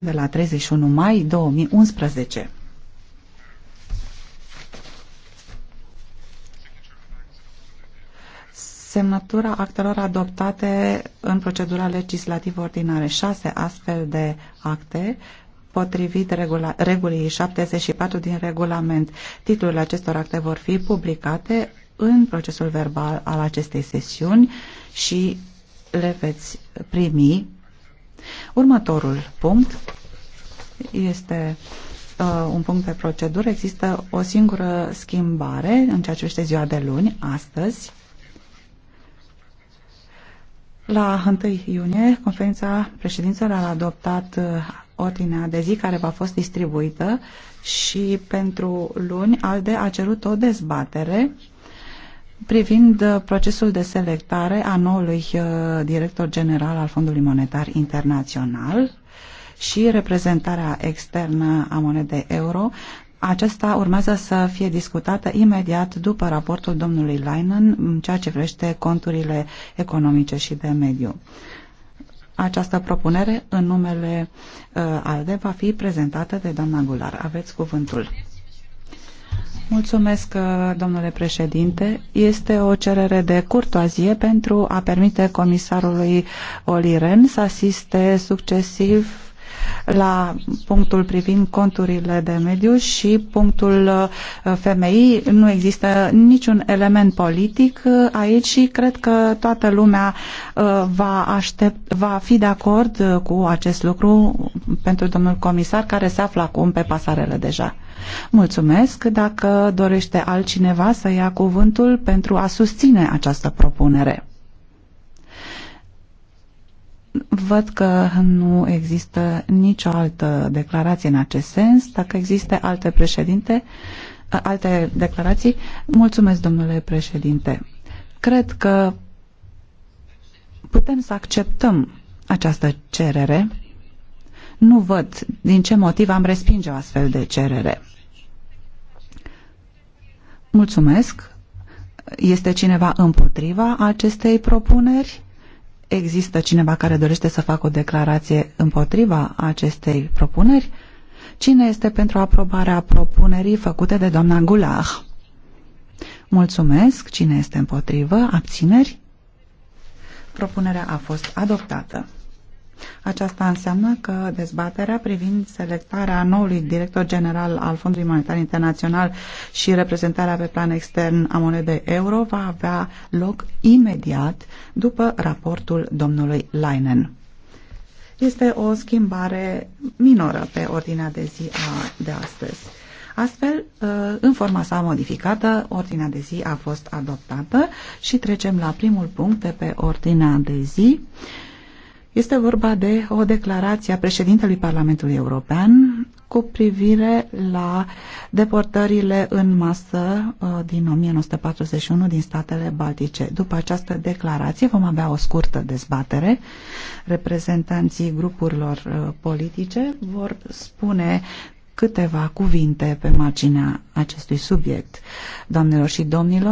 de la 31 mai 2011. Semnătura actelor adoptate în procedura legislativă ordinară. Șase astfel de acte potrivit regula, regulii 74 din regulament. Titlurile acestor acte vor fi publicate în procesul verbal al acestei sesiuni și le veți primi Următorul punct este uh, un punct de procedură. Există o singură schimbare în ceea ce este ziua de luni, astăzi. La 1 iunie, conferința președințelor a adoptat uh, ordinea de zi care va fost distribuită și pentru luni ALDE a cerut o dezbatere privind uh, procesul de selectare a noului uh, director general al Fondului Monetar Internațional și reprezentarea externă a monedei euro, acesta urmează să fie discutată imediat după raportul domnului Leinen în ceea ce vrește conturile economice și de mediu. Această propunere în numele uh, ALDE va fi prezentată de doamna Gular. Aveți cuvântul. Mulțumesc, uh, domnule președinte. Este o cerere de curtoazie pentru a permite comisarului Oliren să asiste succesiv la punctul privind conturile de mediu și punctul uh, femei. Nu există niciun element politic uh, aici și cred că toată lumea va, aștept, va fi de acord cu acest lucru pentru domnul comisar care se află acum pe pasarele deja. Mulțumesc dacă dorește altcineva să ia cuvântul pentru a susține această propunere. Văd că nu există nicio altă declarație în acest sens. Dacă există alte președinte, alte declarații, mulțumesc, domnule președinte. Cred că putem să acceptăm această cerere nu văd din ce motiv am respinge o astfel de cerere. Mulțumesc. Este cineva împotriva acestei propuneri? Există cineva care dorește să facă o declarație împotriva acestei propuneri? Cine este pentru aprobarea propunerii făcute de doamna Gulah? Mulțumesc. Cine este împotrivă? Abțineri? Propunerea a fost adoptată. Aceasta înseamnă că dezbaterea privind selectarea noului director general al Fondului Monetar Internațional și reprezentarea pe plan extern a monedei euro va avea loc imediat după raportul domnului Leinen. Este o schimbare minoră pe ordinea de zi a, de astăzi. Astfel, uh, în forma sa modificată, ordinea de zi a fost adoptată și trecem la primul punct de pe ordinea de zi. Este vorba de o declarație a președintelui Parlamentului European cu privire la deportările în masă uh, din 1941 din statele baltice. După această declarație vom avea o scurtă dezbatere. Reprezentanții grupurilor uh, politice vor spune câteva cuvinte pe marginea acestui subiect. Doamnelor și domnilor,